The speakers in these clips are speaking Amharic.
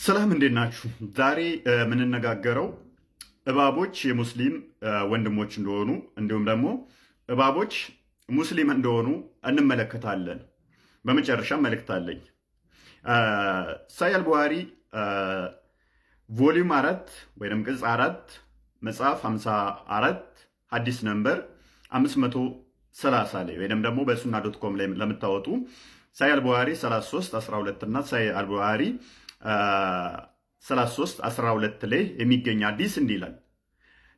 ሰላም እንዴት ናችሁ? ዛሬ የምንነጋገረው እባቦች የሙስሊም ወንድሞች እንደሆኑ እንዲሁም ደግሞ እባቦች ሙስሊም እንደሆኑ እንመለከታለን። በመጨረሻ መልእክት አለኝ። ሳሂህ አል ቮሊዩም አራት ወይም ቅጽ አራት መጽሐፍ 54 ሀዲስ ነምበር 530 ላይ ወይም ደግሞ በሱና ዶት ኮም ላይ ለምታወጡ ሳሂህ አል ቡኻሪ 33 12 እና ሳሂህ አል 33 12 ላይ የሚገኝ አዲስ እንዲህ ይላል።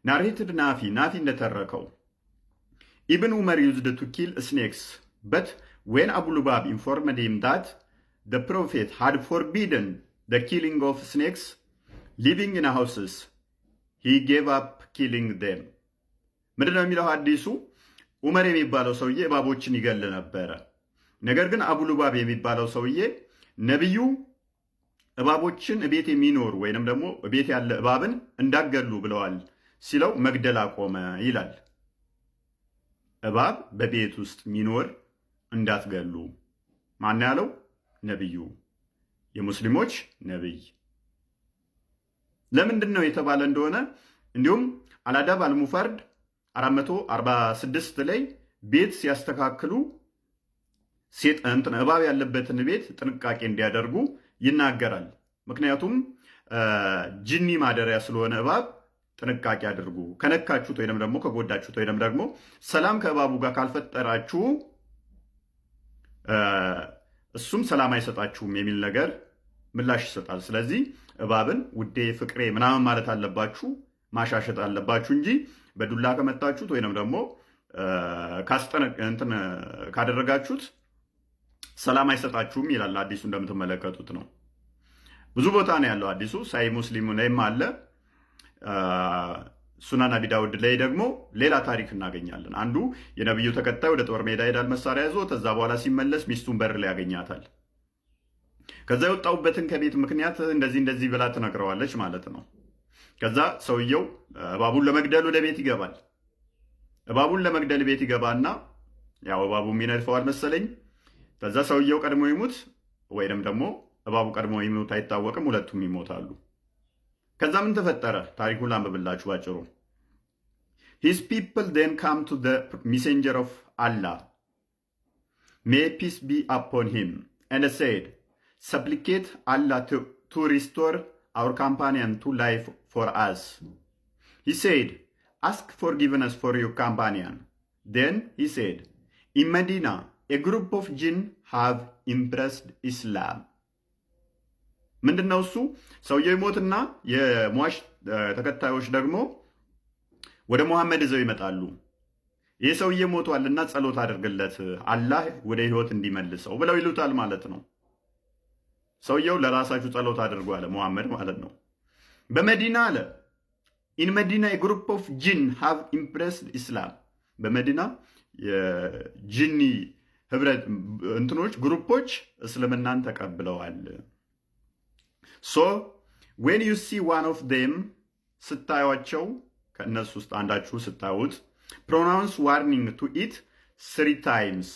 ናሬትድ ናፊ ናፊ እንደተረከው ኢብን ኡመር ዩዝድ ቱ ኪል ስኔክስ በት ዌን አቡሉባብ ኢንፎርመድ ሂም ዳት ደ ፕሮፌት ሃድ ፎርቢደን ደ ኪሊንግ ኦፍ ስኔክስ ሊቪንግ ኢን ሃውስስ ሂ ጌቭ አፕ ኪሊንግ ደም። ምንድን ነው የሚለው አዲሱ? ኡመር የሚባለው ሰውዬ እባቦችን ይገል ነበረ። ነገር ግን አቡሉባብ የሚባለው ሰውዬ ነቢዩ እባቦችን እቤት የሚኖሩ ወይንም ደግሞ እቤት ያለ እባብን እንዳገሉ ብለዋል ሲለው መግደል አቆመ ይላል። እባብ በቤት ውስጥ የሚኖር እንዳትገሉ ማን ያለው? ነቢዩ፣ የሙስሊሞች ነቢይ። ለምንድን ነው የተባለ እንደሆነ እንዲሁም አላዳብ አልሙፈርድ 446 ላይ ቤት ሲያስተካክሉ እባብ ያለበትን ቤት ጥንቃቄ እንዲያደርጉ ይናገራል። ምክንያቱም ጅኒ ማደሪያ ስለሆነ እባብ ጥንቃቄ አድርጉ። ከነካችሁት ወይም ደግሞ ከጎዳችሁት ወይም ደግሞ ሰላም ከእባቡ ጋር ካልፈጠራችሁ እሱም ሰላም አይሰጣችሁም የሚል ነገር ምላሽ ይሰጣል። ስለዚህ እባብን ውዴ፣ ፍቅሬ ምናምን ማለት አለባችሁ፣ ማሻሸጥ አለባችሁ እንጂ በዱላ ከመታችሁት ወይም ደግሞ ካደረጋችሁት ሰላም አይሰጣችሁም ይላል አዲሱ እንደምትመለከቱት ነው። ብዙ ቦታ ነው ያለው። አዲሱ ሳይ ሙስሊሙ ላይም አለ። ሱናን አቢ ዳውድ ላይ ደግሞ ሌላ ታሪክ እናገኛለን። አንዱ የነቢዩ ተከታይ ወደ ጦር ሜዳ ሄዳል መሳሪያ ይዞ። ከዛ በኋላ ሲመለስ ሚስቱን በር ላይ ያገኛታል። ከዛ የወጣሁበትን ከቤት ምክንያት እንደዚህ እንደዚህ ብላ ትነግረዋለች ማለት ነው። ከዛ ሰውየው እባቡን ለመግደል ወደ ቤት ይገባል። እባቡን ለመግደል ቤት ይገባና ያው እባቡ የሚነድፈዋል መሰለኝ። ከዛ ሰውየው ቀድሞ ይሙት ወይንም ደግሞ እባቡ ቀድሞ የሚሞት አይታወቅም፣ ሁለቱም ይሞታሉ። ከዛ ምን ተፈጠረ? ታሪኩን ላንብብላችሁ ባጭሩ። ሂስ ፒፕል ዜን ካም ቱ ዘ ሜሴንጀር ኦፍ አላህ ሜይ ፒስ ቢ አፖን ሂም ኤንድ ሴድ ሰፕሊኬት አላህ ቱ ሪስቶር አወር ካምፓኒያን ቱ ላይፍ ፎር አስ ሂ ሴድ አስክ ፎርጊቭነስ ፎር ዩር ካምፓኒያን ዜን ሂ ሴድ ኢን መዲና ኤ ግሩፕ ኦፍ ጂን ሃቭ ኢምፕረስድ ኢስላም ምንድን ነው እሱ? ሰውየው ይሞትና የሟሽ ተከታዮች ደግሞ ወደ ሙሐመድ ይዘው ይመጣሉ። ይህ ሰውዬ ሞቷልና ጸሎት አድርግለት አላህ ወደ ህይወት እንዲመልሰው ብለው ይሉታል ማለት ነው። ሰውየው ለራሳችሁ ጸሎት አድርጉ አለ ሙሐመድ ማለት ነው። በመዲና አለ ኢን መዲና የግሩፕ ኦፍ ጂን ሃቭ ኢምፕሬስድ ኢስላም በመዲና የጂኒ ህብረት እንትኖች ግሩፖች እስልምናን ተቀብለዋል። ሶ ዌን ዩ ሲ ዋን ኦፍ ዴም ስታዩቸው ከእነሱ ውስጥ አንዳችሁ ስታዩት ፕሮናውንስ ዋርኒንግ ቱ ኢት ስሪ ታይምስ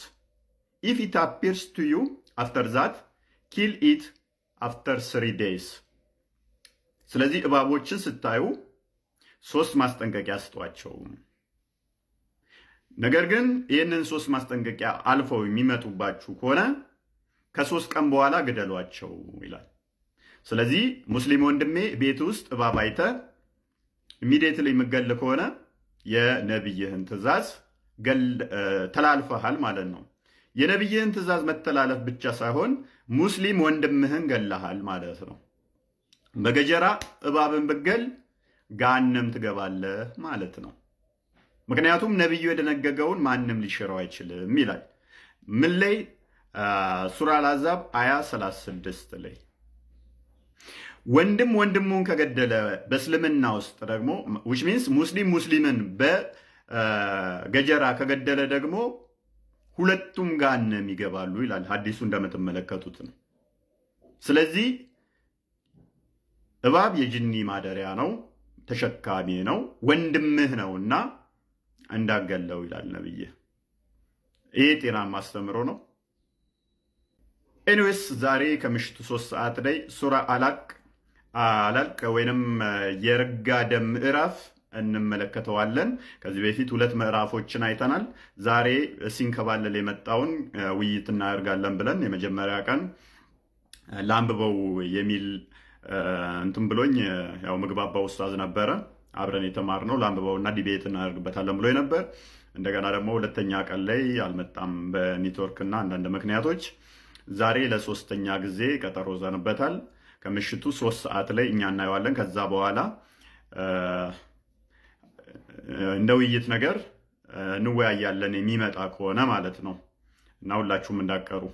ኢፍ ኢት አፒርስ ቱ ዩ አፍተር ዛት ኪል ኢት አፍተር ስሪ ዴይስ። ስለዚህ እባቦችን ስታዩ ሶስት ማስጠንቀቂያ ስጧቸው። ነገር ግን ይህንን ሶስት ማስጠንቀቂያ አልፈው የሚመጡባችሁ ከሆነ ከሶስት ቀን በኋላ ግደሏቸው ይላል። ስለዚህ ሙስሊም ወንድሜ ቤት ውስጥ እባብ አይተ ኢሚዲየትሊ የምገል ከሆነ የነብይህን ትእዛዝ ተላልፈሃል ማለት ነው። የነብይህን ትእዛዝ መተላለፍ ብቻ ሳይሆን ሙስሊም ወንድምህን ገላሃል ማለት ነው። በገጀራ እባብን ብገል ጋንም ትገባለህ ማለት ነው። ምክንያቱም ነቢዩ የደነገገውን ማንም ሊሽረው አይችልም ይላል። ምን ላይ? ሱራ አልአዛብ አያ 36 ላይ ወንድም ወንድሙን ከገደለ በእስልምና ውስጥ ደግሞ ዊች ሚንስ ሙስሊም ሙስሊምን በገጀራ ከገደለ ደግሞ ሁለቱም ገሃነም ይገባሉ ይላል ሀዲሱ እንደምትመለከቱት ነው። ስለዚህ እባብ የጅኒ ማደሪያ ነው፣ ተሸካሚ ነው፣ ወንድምህ ነውና እንዳገለው ይላል ነብይ። ይህ ጤና አስተምሮ ነው። ኤኒዌይስ ዛሬ ከምሽቱ ሶስት ሰዓት ላይ ሱራ አላቅ አላልቅ ወይንም የርጋ ደም ምዕራፍ እንመለከተዋለን። ከዚህ በፊት ሁለት ምዕራፎችን አይተናል። ዛሬ ሲንከባለል የመጣውን ውይይት እናደርጋለን ብለን የመጀመሪያ ቀን ላንብበው የሚል እንትን ብሎኝ ያው ምግባባ ውስታዝ ነበረ አብረን የተማርነው ላንብበው እና ዲቤት እናደርግበታለን ብሎ ነበር። እንደገና ደግሞ ሁለተኛ ቀን ላይ አልመጣም በኔትወርክ እና አንዳንድ ምክንያቶች። ዛሬ ለሶስተኛ ጊዜ ቀጠሮ ዘንበታል። ከምሽቱ ሶስት ሰዓት ላይ እኛ እናየዋለን። ከዛ በኋላ እንደ ውይይት ነገር እንወያያለን የሚመጣ ከሆነ ማለት ነው። እና ሁላችሁም እንዳቀሩ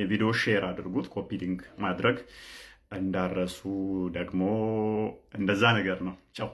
የቪዲዮ ሼር አድርጉት፣ ኮፒ ሊንክ ማድረግ እንዳረሱ ደግሞ እንደዛ ነገር ነው። ቻው